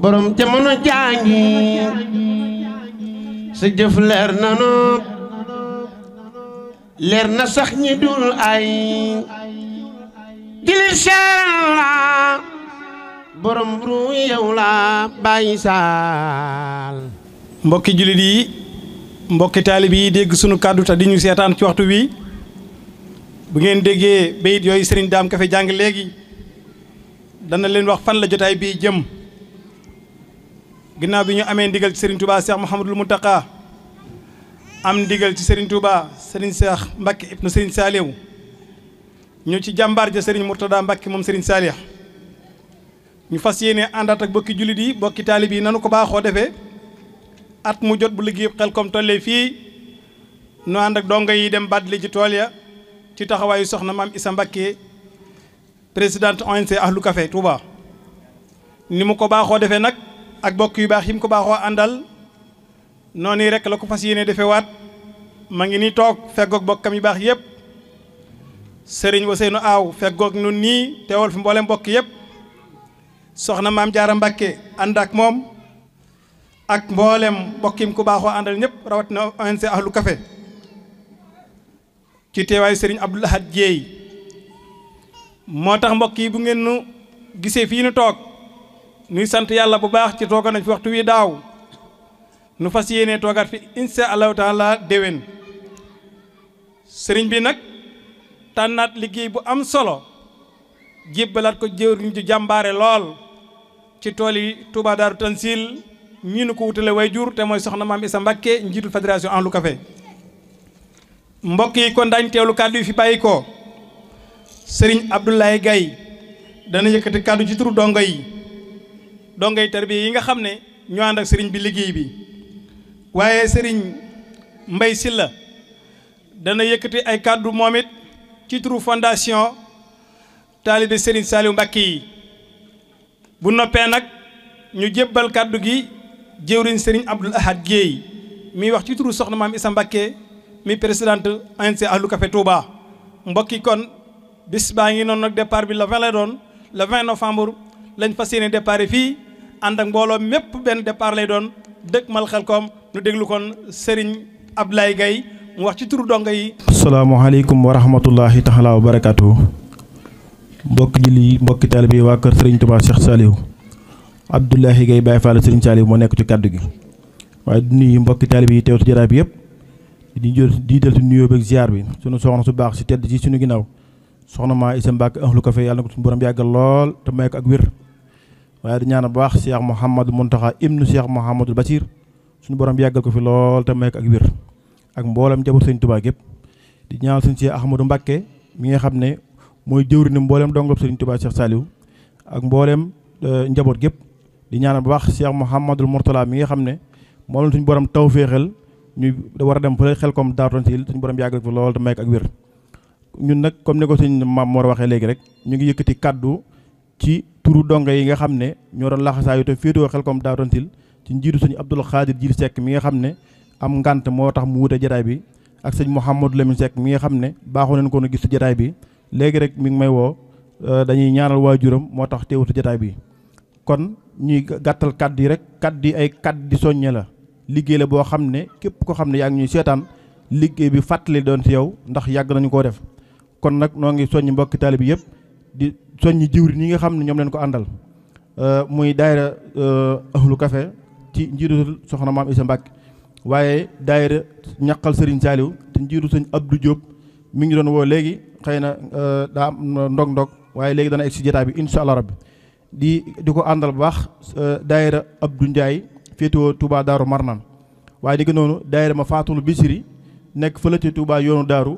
borom jamono jaangi sa jëf leer na nopp leer na sax ñi dul ay jilil seeral la borom ruu yow la bàyyi saal mbokki jullit yi mbokki taalib yi dégg sunu kàddu te di ñu seetaan ci waxtu wi bu ngeen déggee bayit yooyu sëriñ daam ka fi jàng léegi dana leen wax fan la jotaay bii jëm ginnaaw bi ñu amee ndigal ci Serigne Touba Cheikh Mouhamadul Mountakha am ndigal ci Serigne Touba Serigne Cheikh Mbacke ibnu Serigne Saliou ñu ci jàmbaar ja Serigne Mourtada Mbacke moom Serigne Saliou ñu fas yéene àndaat ak bokki jullit yi bokki taalib yi nanu ko baaxoo defee at mu jot bu liggéey Xelcom tollee fii nu ànd ak dongo yi dem bàddali ci tool ya ci taxawaayu soxna maam Issa Mbacke présidente ONC Ahlu Café Touba ni mu ko baaxoo defee nag. ak bokk yu baax yi mu ko baaxoo àndal noonu rek la ko fas yéene defewaat ma ngi ni toog feggoog bokkam yu baax yépp sëriñ Ousseynou Aw feggoog nun nii teewal fi mboolem mbokk yépp soxna maam jaara Mbàkke ànd ak moom ak mboolem mbokk yi mu ko baaxoo àndal ñëpp rawatina ONG Ahlu kafe ci teewaayu sëriñ Abdoul Ahad Dieye moo tax mbokk yi bu ngeen nu gisee fii nu toog nuy sant yàlla bu baax ci tooga nañ fi waxtu wi daaw nu fas yéene toogaat fi insha allahu taala déwén sëriñ bi nag tànnaat liggéey bu am solo jébbalaat ko jëwriñ ju jàmbaare lool ci tool yi Touba Daaru Tansil ñii nu ko wutale wayjur te mooy soxna maam Issa Mbakke njiitul fédération Ahlou Café mbokk yi kon daañ teewlu kàddu yi fi bàyyi ko sëriñ Abdoulaye Gaye dana yëkkati kàddu ci turu dongo yi dongay tarbiya yi nga xam ne ñu ànd ak sëriñ bi liggéey bi waaye sëriñ Mbay Silla dana yëkkati ay kàddu moom it ci turu fondation taalibe sëriñ Saliou Mbàkke yi bu noppee nag ñu jébbal kàddu gi jëwriñ sëriñ Abdoul Ahad Guèye mi wax ci turu soxna maam Issa Mbàkke mi présidente ANC Ahlu Café Touba mbokki kon bis baa ngi noonu nag départ bi la 20 lay doon le 20 novembre lañ fas yéene départ fii ànd ak mbooloo mépp benn départ lay doon dëkk mal xel koom nu déglu kon Serigne Ablaye Gaye mu wax ci turu donga yi. salaamaaleykum wa rahmatullahi taala wa barakaatu. mbokki julli mbokki taalibe yi waa kër Serigne Touba Cheikh Saliou Abdoulaye gay Baye Fall Serigne Saliou moo nekk ci kàddu gi waaye du yi mbokki taalibe yi teew ci jaraay bi yëpp di jël diital ci nuyoo beeg ziar bi sunu soxna su baax si tedd ci sunu ginnaaw soxna maa Isa Mbàkke ahlu kafe yàlla na ko suñu yàggal lool te may ko ak waaye di ñaan bu baax Cheikh Mouhamadou Mountakha ibnu Cheikh Mouhamadou Bachir suñu borom yàggal ko fi lool te may ak wér ak mboolem jabar sëñ Tuubaa gépp di ñaan suñu Cheikh Ahmadou mi nga xam ne mooy jëwriñ mboolem dongob sëñ Tuubaa Cheikh Saliou ak mboolem euh, njaboot gépp di ñaan bu baax Cheikh Mouhamadou Mourtala mi nga xam ne moom borom taw féexal ñu war a dem fële xel comme daatoon si suñu borom yàggal ko lool te ak wér ñun nag comme ni ko suñ maam Mor waxee léegi rek ñu ngi yëkkati kàddu ci turu donga yi nga xam ne ñoo doon laxasaayu te féetewoo Xelcom Daaru Tanzil ci njiitu sëñ Abdul Xaadir Jiil Seck mi nga xam ne am ngant moo tax mu wute jataay bi ak sëñ Mouhamadou Lamine Seck mi nga xam ne baaxu nañ ko nu gis jataay bi léegi rek mi ngi may woo euh, dañuy ñaanal waajuram moo tax teewutu jataay bi kon ñuy gàttal kàddu yi rek kàddu yi ay kàddu di soññee la liggéey la boo xam ne képp ko xam ne yaa ngi ñuy seetaan liggéey bi fàttali doon si yow ndax yàgg nañu koo def kon nag noo ngi soññ mbokki taalibe bi yëpp di soññi jiwri ñi nga xam ne ñoom leen ko àndal euh, muy daayira euh, ahlu café ci njiitu soxna maam Isa Mbàkke waaye daayira ñaqal Serigne Saliou te njiitu sëñ Abdou Diop mi ngi doon woo léegi xëy na euh, daa am ndog-ndog waaye léegi dana egg si jotaay bi incha allah rabbi di di ko àndal bu baax daayira Abdou Ndiaye féetewoo Touba Daaru Marnaan waaye di ko noonu daayira ma Fatul Bisiri nekk fële ci yoonu Daaru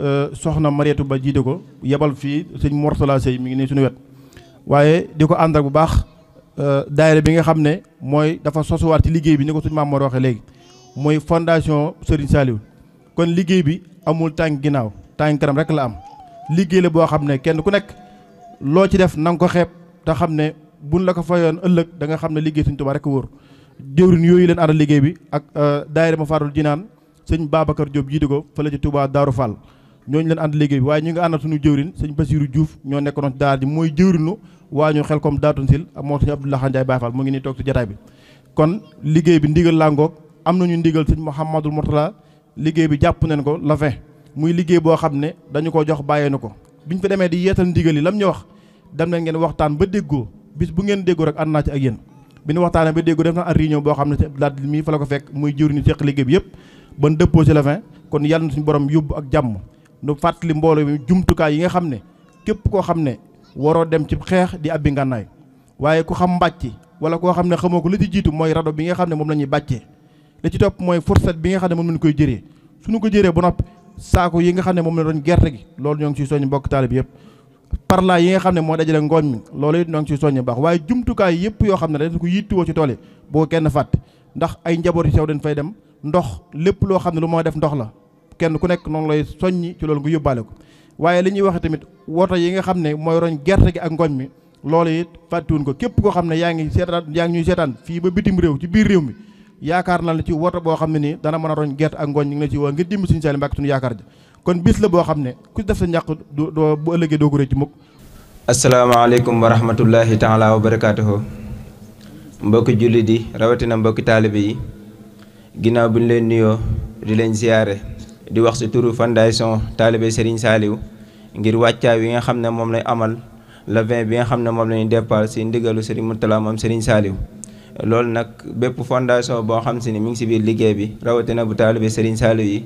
Euh, soxna Mariétu Ba jiite ko yebal fii sëñ Mortala Sey mi ngi nii suñu wet waaye di ko ànd bu baax euh, daayira bi nga xam ne mooy dafa sosuwaat ci liggéey bi ni ko suñu maam Mor waxee léegi mooy fondation Serigne Saliou kon liggéey bi amul tànk ginnaaw tànk kanam rek la am liggéey la boo xam ne kenn ku nekk loo ci def na ko xeeb te xam ne buñ la ko fayoon ëllëg danga xam ne liggéey suñ Tuubaa rek wóor jëwrin yooyu leen àndal liggéey bi ak euh, daayira ma farul jinaan sëñ Babacar Diop jiite ko fële ci Touba Darou ñooñu leen ànd liggéey bi waaye ñu ngi àndal suñu jëwrin sëñ Basiiru Diouf ñoo nekkoon ci daara ji mooy jëwrinu waa ñu xel comme daatun sil ak moo sëñ Abdoulaye Ndiaye Baye Fall mu ngi nii toog jataay bi kon liggéey bi ndigal langoog am na ñu ndigal sëñ Mouhamadul Mourtala liggéey bi jàpp nañ ko la fin muy liggéey boo xam ne dañu ko jox bàyyee ne ko biñ fa demee di yeetal ndigal yi lam ñu wax dem nañ ngeen waxtaan ba déggoo bis bu ngeen déggoo rek ànd naa ci ak yéen bi ñu waxtaanee ba déggoo na ak réunion boo xam ne sëñ Abdoulaye la ko fekk muy jëwriñu seq liggéey yëpp ban dëppoo ci kon yàlla suñu borom yóbbu ak jàmm nu fàttali mbooloo mi jumtukaay yi nga xam ne képp koo xam ne waroo dem ci xeex di abbi ngànnaay waaye ku xam mbàcc wala koo xam ne xamoo ko li ci jiitu mooy rado bi nga xam ne moom la ñuy bàccee li ci topp mooy fourchette bi nga xam ne moom lañ koy jëree suñu ko jëree ba noppi saako yi nga xam ne moom la doon gerte gi loolu ñoo ngi ciy soññ mbokk taalib yëpp parla yi nga xam ne moo dajale ngooñ mi loolu it ñoo ngi ciy soññ baax waaye jumtukaay yëpp yo xam ne dañ ko yittiwoo ci tool yi boo kenn fàtte ndax ay njaboot yi sew fay dem ndox lépp loo xam ne lu moo def ndox la kenn ku nekk noonu lay soññi ci loolu nga yóbbaale ko waaye li ñuy wax tamit woto yi nga xam ne mooy roñ gerte gi ak ngooñ mi loolu it fàttiwuñ ko képp koo xam ne yaa ngi seetaan yaa ngi ñuy seetaan fii ba bitim réew ci biir réew mi yaakaar na la ci woto boo xam ne nii dana mën a roñ gerte ak ngooñ ñu ngi la ci woo ngir dimb suñu Saliou Mbacké suñu yaakaar ja kon bis la boo xam ne ku def sa ñàq du doo bu ëllëgee doo ko rëcc mukk asalaamaaleykum wa rahmatullahi taala wa barakaatuhu mbokki jullit yi rawatina mbokki taalibe yi ginnaaw bi leen nuyoo di leen ziyaare di wax si turu fondation taalibe Serigne Saliou ngir wàccaay wi nga xam ne moom lay amal le vin bi nga xam ne moom la ñu départ si ndigalu Serigne Mourtala moom Serigne Saliou loolu nag bépp fondation boo xam si ni mu ngi si biir liggéey bi rawatina bu taalibe Serigne Saliou yi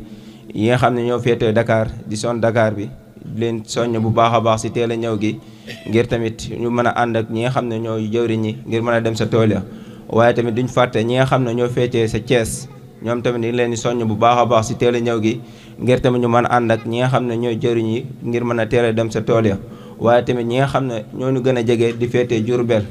yi nga xam ne ñoo féetee dakaar di son dakaar bi leen soññ bu baax a baax si teel a ñëw gi ngir tamit ñu mën a ànd ak ñi nga xam ne ñoo jëwriñ yi ngir mën a dem sa tool ya waaye ñoo féetee sa Thiès ñoom tamit ñu leen di soññ bu baax a baax si teel a ñëw gi ngir tamit ñu mën ànd ak ñi nga xam ne ñooy jëriñ yi ngir mën a teel dem sa tool ya waaye tamit ñi nga xam ne ñoo ñu gën a jege di féetee Jurbel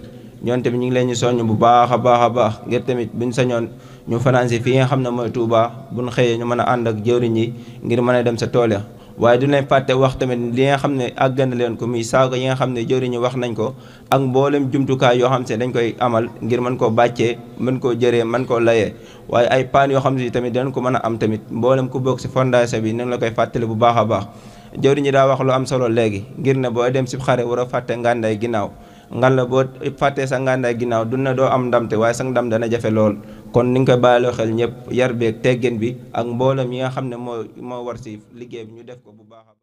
ñoom tamit ñu ngi leen di soññ bu baax a baax a baax ngir tamit sa sañoon ñu fanaan si fi nga xam ne mooy bu buñ xëyee ñu mën a ànd ak jëriñ yi ngir mën a dem sa tool ya waaye du leen fàtte wax tamit li nga xam ne àgg leen ko muy saako yi nga xam ne jëriñu wax nañ ko ak mboolem jumtukaay yoo xam ne dañ koy amal ngir mën koo bàccee mën koo jëree mën koo layee waaye ay paan yoo xam ne tamit dañ ko mën a am tamit mboolem ku bokk si fondation bi nañ la koy fàttali bu baax a baax jëriñu daa wax lu am solo léegi ngir ne boo dem si xare war a fàtte ngàndaay ginnaaw ngan la boo fàttee sa ngàndaay ginnaaw du na doo am ndamte waaye sa ndam dana jafe lool kon ni nga koy bàyyiloo xel ñëpp yar beeg teggin bi ak mboolem yi nga xam ne moo moo war si liggéey bi ñu def ko bu baaxam